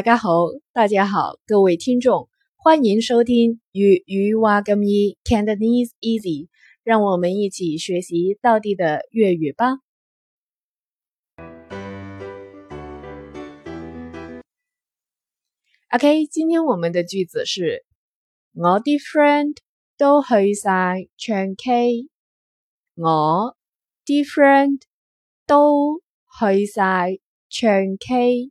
大家好，大家好，各位聽眾，歡迎收聽《粵語話咁易 Cantonese Easy》，ese easy，讓我們一起學習地道的粵語吧。OK，今天我們的句子是：我啲 friend 都去晒唱 K，我啲 friend 都去晒唱 K。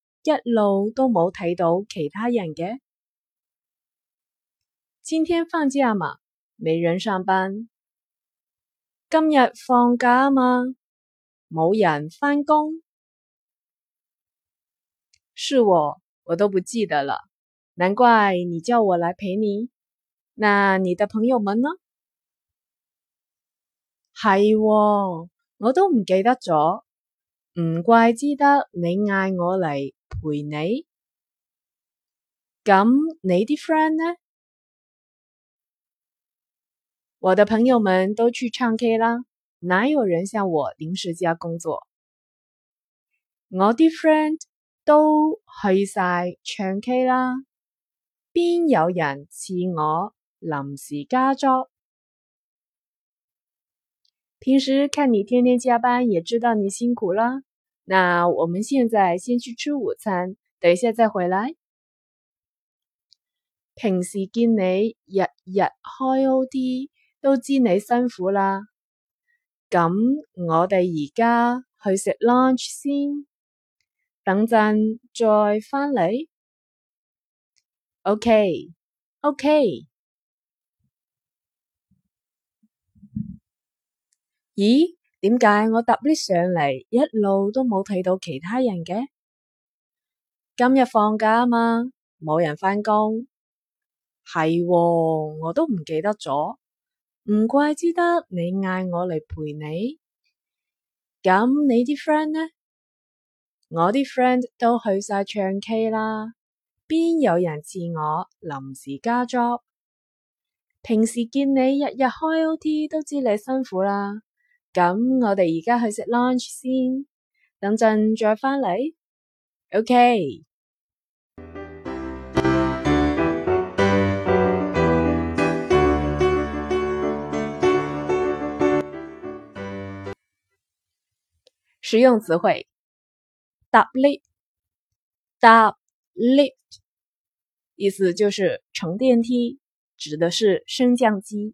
一路都冇睇到其他人嘅。今天放假嗎，沒人上班。今日放假啊嘛，冇人翻工。是我，我我都不記得了。難怪你叫我來陪你。那你的朋友們呢？係、哦，我都唔記得咗。唔怪之得你嗌我嚟陪你，咁你啲 friend 呢？我的朋友們都去唱 K 啦，哪有人像我臨時加工作？我啲 friend 都去晒唱 K 啦，邊有人似我臨時加作？平時看你天天加班，也知道你辛苦啦。那我們現在先去吃午餐，等一下再回來。平時見你日日開 OT，都知你辛苦啦。咁我哋而家去食 lunch 先，等陣再翻嚟。OK，OK，咦？點解我搭 lift 上嚟一路都冇睇到其他人嘅？今日放假啊嘛，冇人返工。係喎，我都唔記得咗。唔怪之得你嗌我嚟陪你。咁你啲 friend 呢？我啲 friend 都去晒唱 K 啦，邊有人似我臨時加 job？平時見你日日開 OT，都知你辛苦啦。咁我哋而家去食 lunch 先，等陣再翻嚟。OK。實用詞彙，搭 lift，搭 lift 意思就是乘電梯，指的是升降機。